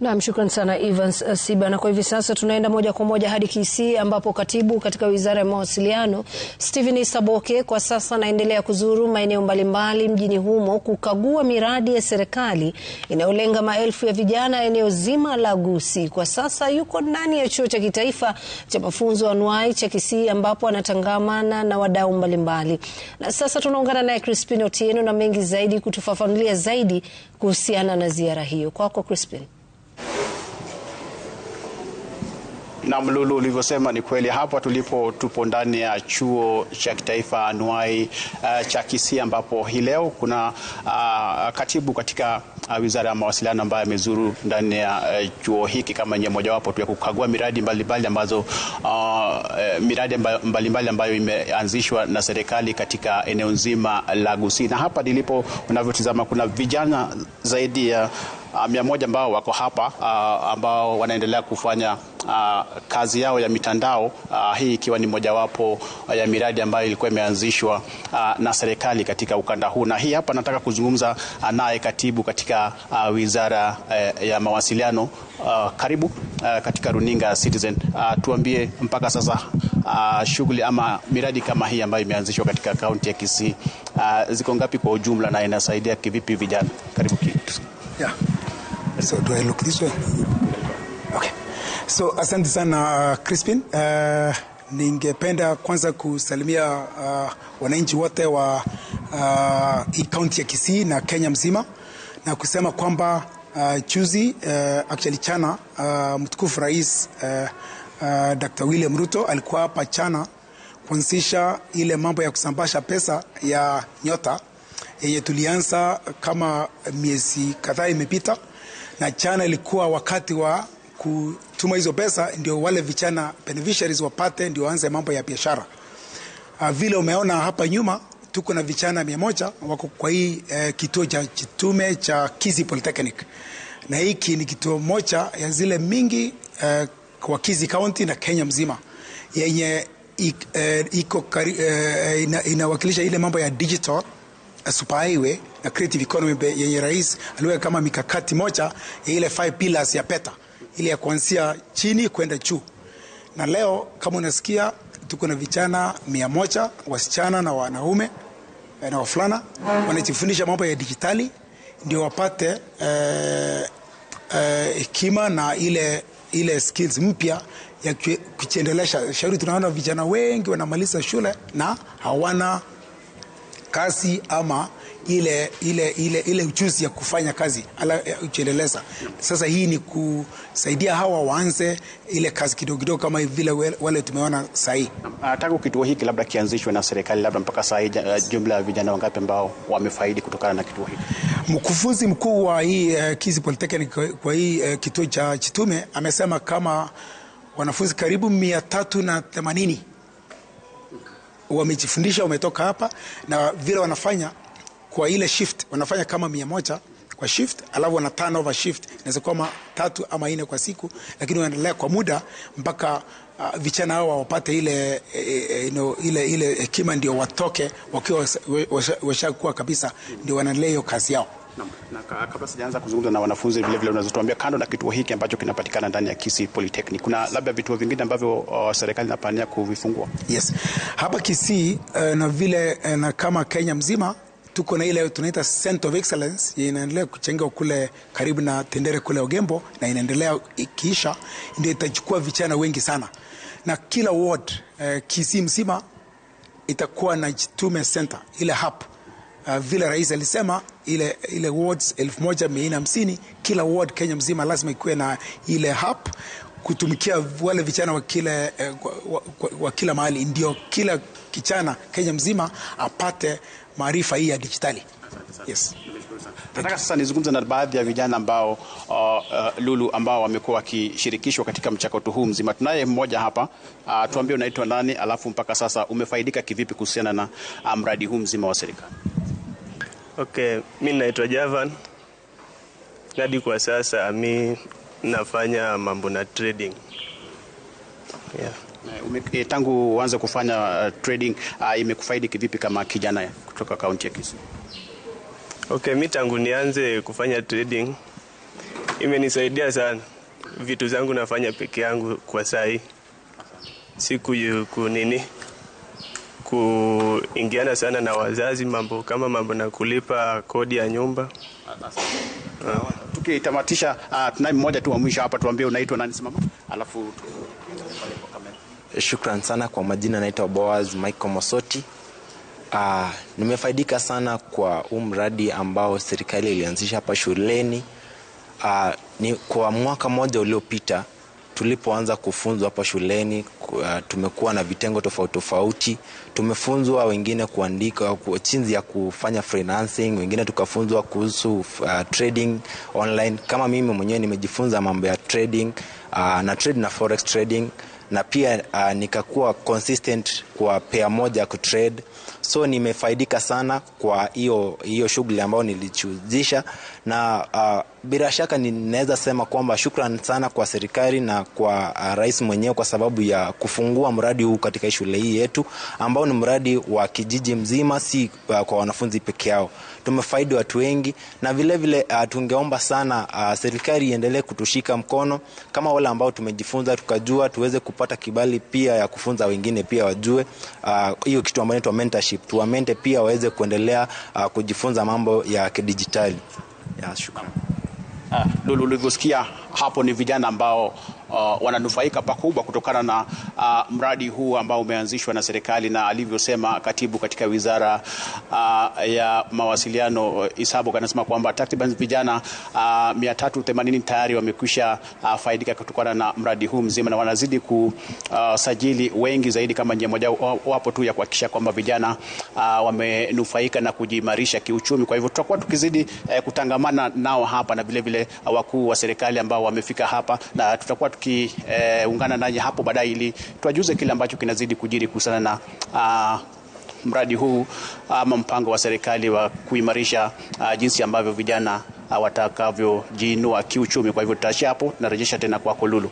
Naam, shukran sana Evans Siba. Na kwa hivi sasa tunaenda moja kwa moja hadi Kisii ambapo katibu katika Wizara ya Mawasiliano Stephen Isaboke kwa sasa anaendelea kuzuru maeneo mbalimbali mjini humo kukagua miradi ya serikali inayolenga maelfu ya vijana eneo zima la Gusii. Kwa sasa yuko ndani ya Chuo cha Kitaifa cha Mafunzo Anuai cha Kisii ambapo anatangamana na wadau mbalimbali. Na sasa tunaungana naye Crispin Otieno na mengi zaidi kutufafanulia zaidi kuhusiana na ziara hiyo. Kwako Crispin. Na Mlulu, ulivyosema ni kweli, hapa tulipo tupo ndani ya chuo cha kitaifa anuai uh, cha Kisii ambapo hii leo kuna uh, katibu katika uh, wizara ya mawasiliano ambaye amezuru ndani ya uh, chuo hiki kama nye mojawapo tu ya kukagua miradi mbalimbali ambazo uh, miradi mbalimbali ambayo imeanzishwa na serikali katika eneo nzima la Gusii, na hapa nilipo unavyotizama kuna vijana zaidi ya uh, mia moja ambao wako hapa uh, ambao wanaendelea kufanya uh, kazi yao ya mitandao uh, hii ikiwa ni mojawapo ya miradi ambayo ilikuwa imeanzishwa uh, na serikali katika ukanda huu, na hii hapa nataka kuzungumza uh, naye katibu katika uh, wizara uh, ya mawasiliano uh, karibu uh, katika runinga Citizen uh, tuambie mpaka sasa uh, shughuli ama miradi kama hii ambayo imeanzishwa katika kaunti ya Kisii uh, ziko ngapi kwa ujumla na inasaidia kivipi vijana? Karibu. Yeah. So do I look this way? So asante sana uh, Crispin. Uh, ningependa kwanza kusalimia uh, wananchi wote wa uh, kaunti ya Kisii na Kenya mzima na kusema kwamba uh, juzi uh, actually chana uh, mtukufu rais uh, uh, Dr. William Ruto alikuwa hapa chana kuanzisha ile mambo ya kusambasha pesa ya nyota yenye tulianza kama miezi kadhaa imepita, na chana ilikuwa wakati wa kutuma hizo pesa, ndio wale vichana beneficiaries wapate, ndio waanze mambo ya biashara. Uh, vile umeona hapa nyuma tuko na vichana mia moja wako kwa hii eh, kituo cha Chitume cha Kizi Polytechnic, na hiki ni kituo moja ya zile mingi eh, kwa Kizi County na Kenya mzima yenye ik, eh, iko kari, eh, ina, inawakilisha ile mambo ya digital superhighway na creative economy yenye rais aliweka kama mikakati moja ya ile five pillars ya PETA ile ya kuanzia chini kwenda juu. Na leo kama unasikia, tuko na vijana mia moja wasichana na wanaume eh, na wafulana wanajifundisha mambo ya dijitali ndio wapate hekima eh, eh, na ile ile skills mpya ya kujiendelesha. Shauri tunaona vijana wengi wanamaliza shule na hawana kazi ama ile, ile, ile, ile uchuzi ya kufanya kazi ala uchendeleza. Sasa hii ni kusaidia hawa waanze ile kazi kidogo kidogo kama vile wale tumeona sahii. Ah, tangu kituo hiki labda kianzishwe na serikali labda mpaka sahii, eh, jumla ya vijana wangapi ambao wamefaidi kutokana na kituo hiki? Mkufunzi mkuu wa hii uh, Kizi Polytechnic kwa hii uh, kituo cha Chitume amesema kama wanafunzi karibu mia tatu na themanini wamejifundisha wametoka hapa na vile wanafanya kwa ile shift wanafanya kama mia moja kwa shift, alafu wana turn over shift, inaweza kuwa tatu ama nne kwa siku, lakini wanaendelea kwa muda mpaka uh, vichana hao wapate ile e, eh, ino, eh, eh, ile ile hekima ndio watoke wakiwa washakuwa kabisa, ndio wanaendelea hiyo kazi yao. Na kabla sijaanza kuzungumza na wanafunzi vile vile, unazotuambia kando na kituo hiki ambacho kinapatikana ndani ya Kisii Polytechnic, kuna labda vituo vingine ambavyo uh, serikali inapania kuvifungua? Yes, hapa Kisii uh, na vile uh, na kama Kenya mzima tuko na ile tunaita center of excellence inaendelea kuchenga kule karibu na Tendere kule Ogembo, na inaendelea ikiisha, ndio itachukua vichana wengi sana, na kila ward eh, Kisii mzima itakuwa na jitume center ile hub Uh, vile rais alisema ile, ile wards elfu moja mia nne hamsini kila ward Kenya mzima lazima ikuwe na ile hub kutumikia wale vichana wa kila, eh, wa, wa, wa kila mahali, ndio kila kichana Kenya mzima apate maarifa hii ya dijitali. Yes. Nataka sasa nizungumze na baadhi ya vijana ambao uh, uh, Lulu ambao wamekuwa wakishirikishwa katika mchakato huu mzima. Tunaye mmoja hapa uh, tuambie unaitwa nani, alafu mpaka sasa umefaidika kivipi kuhusiana na uh, mradi huu mzima wa serikali? Okay, mi naitwa Javan. Hadi kwa sasa mi nafanya mambo na trading. Yeah. Eh, ume, eh, tangu uanze kufanya uh, trading uh, imekufaidi kivipi kama kijana kutoka kaunti ya Kisii? Okay, mi tangu nianze kufanya trading imenisaidia sana. Vitu zangu nafanya peke yangu kwa sahi, si kunini kuingiana sana na wazazi, mambo kama mambo na kulipa kodi ya nyumba. Tukitamatisha, uh, tunaye mmoja tu wa mwisho hapa, tuambie unaitwa nani simama, alafu Shukran sana kwa majina, naitwa Boaz Michael Mosoti. Uh, nimefaidika sana kwa huu mradi ambao serikali ilianzisha hapa shuleni. Uh, ni kwa mwaka mmoja uliopita tulipoanza kufunzwa hapa shuleni uh, tumekuwa na vitengo tofauti tofauti. Tumefunzwa wengine kuandika chinzi ya kufanya freelancing, wengine tukafunzwa kuhusu uh, trading online. Kama mimi mwenyewe nimejifunza mambo ya trading uh, na trade na forex trading na pia uh, nikakuwa consistent kwa pair moja kutrade. So nimefaidika sana kwa hiyo hiyo shughuli ambayo nilichuzisha, na uh, bila shaka ninaweza sema kwamba shukran sana kwa serikali na kwa uh, rais mwenyewe kwa sababu ya kufungua mradi huu katika shule hii yetu ambao ni mradi wa kijiji mzima, si uh, kwa wanafunzi peke yao. Tumefaidi watu wengi, na vilevile vile, uh, tungeomba sana uh, serikali iendelee kutushika mkono kama wale ambao tumejifunza tukajua, tuweze kupata kibali pia ya kufunza wengine pia wajue Uh, hiyo uh, kitu ambayo inaitwa mentorship, tuwamente pia waweze kuendelea uh, kujifunza mambo ya kidijitali. Shukrani. Ah, Lulu, ulivyosikia hapo ni vijana ambao uh, wananufaika pakubwa kutokana na uh, mradi huu ambao umeanzishwa na serikali, na alivyosema katibu katika wizara uh, ya mawasiliano uh, Isabok anasema kwamba takriban vijana uh, 380 tayari wamekwisha uh, faidika kutokana na mradi huu mzima, na wanazidi kusajili uh, wengi zaidi kama njia moja wapo tu ya kuhakikisha kwamba vijana uh, wamenufaika na kujimarisha kiuchumi. Kwa hivyo tutakuwa tukizidi uh, kutangamana nao hapa na vilevile wakuu wa serikali ambao wamefika hapa na tutakuwa tukiungana e, nanyi hapo baadaye ili tuajuze kile ambacho kinazidi kujiri kuhusiana na uh, mradi huu ama mpango wa serikali wa kuimarisha uh, jinsi ambavyo vijana ah, watakavyojiinua kiuchumi. Kwa hivyo tutaishia hapo, tunarejesha tena kwako Lulu.